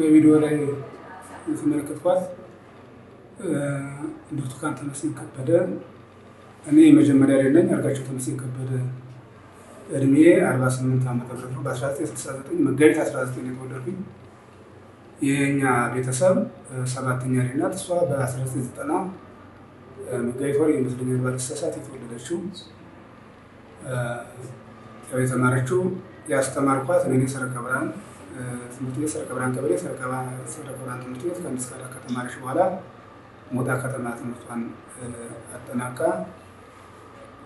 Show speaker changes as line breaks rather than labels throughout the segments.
በቪዲዮ ላይ የተመለከትኳት ብርቱካን ተመስገን ከበደ እኔ የመጀመሪያ ልጅ ነኝ። አርጋቸው ተመስገን ከበደ እድሜ 48 ዓመተ ምህረት ነው። በ1969 መጋቢት 19 የተወለድኩኝ። የኛ ቤተሰብ ሰባተኛ ልጅ ናት። እሷ በ1990 መጋቢት ወር ባል ሰሳት የተወለደችው። የተማረችው ያስተማርኳት እኔ ሰረቀ ብርሃን ትምህርት ቤት ሰረቀብራን ቀበሌ ሰረቀብራን ትምህርት ቤት ከአንድ እስከ አራት በኋላ ሞጣ ከተማ ትምህርቷን አጠናቃ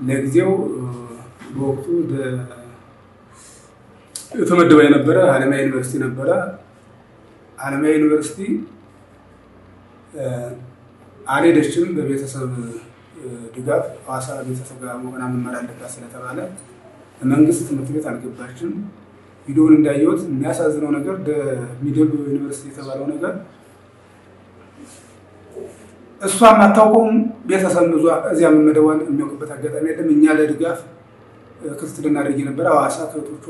ለጊዜው በወቅቱ ተመድባ የነበረ አለማያ ዩኒቨርሲቲ ነበረ። አለማ ዩኒቨርሲቲ አልሄደችም። በቤተሰብ ድጋፍ ሐዋሳ ቤተሰብ ጋር መሆና መማር ስለተባለ መንግስት ትምህርት ቤት አልገባችም። ቪዲዮውን እንዳየሁት የሚያሳዝነው ነገር ሚድል ዩኒቨርሲቲ የተባለው ነገር እሷ አታውቀውም፣ ቤተሰብ ብዙ እዚያ መመደቧን የሚያውቅበት አጋጣሚ የለም። እኛ ለድጋፍ ክትትል ልናደርግ የነበረ ሐዋሳ ከቶቿ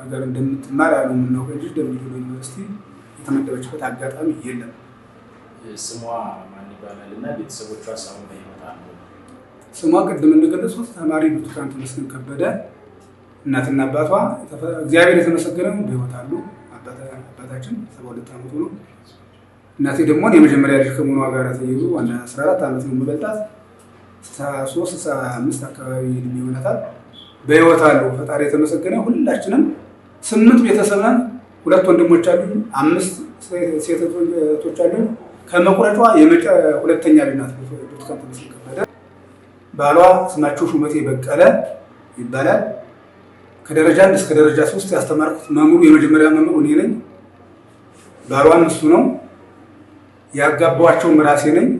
ሀገር እንደምትማር ያሉ የምናውቀ እንጂ ደሚድል ዩኒቨርሲቲ የተመደበችበት አጋጣሚ የለም።
ስሟ ማን ይባላል እና ቤተሰቦቿ ሳሁን ይመጣሉ።
ስሟ ቅድም እንደገለጽኩት ተማሪ ብርቱካን ተመስገን ከበደ እናትና አባቷ እግዚአብሔር የተመሰገነ በህይወት አሉ። አባታችን ሰባ ሁለት ዓመቱ ነው። እናቴ ደግሞ የመጀመሪያ ልጅ ከመሆኗ ጋር ተይዞ ዋና አስራ አራት ዓመት ነው የምበልጣት ሶስት ስልሳ አምስት አካባቢ ዕድሜ ይሆናታል። በሕይወት አሉ። ፈጣሪ የተመሰገነ። ሁላችንም ስምንት ቤተሰብ ነን። ሁለት ወንድሞች አሉ፣ አምስት ሴቶች አሉ። ከመቁረጫ ሁለተኛ ልናት ናት ብርቱካን ተመስገን ከበደ። ባሏ ስማቸው ሹመቴ በቀለ ይባላል። ከደረጃ አንድ እስከ ደረጃ ሶስት ያስተማርኩት መምሩ የመጀመሪያ መምሩ እኔ ነኝ። ባሏን እሱ ነው። ያጋባዋቸው ራሴ ነኝ።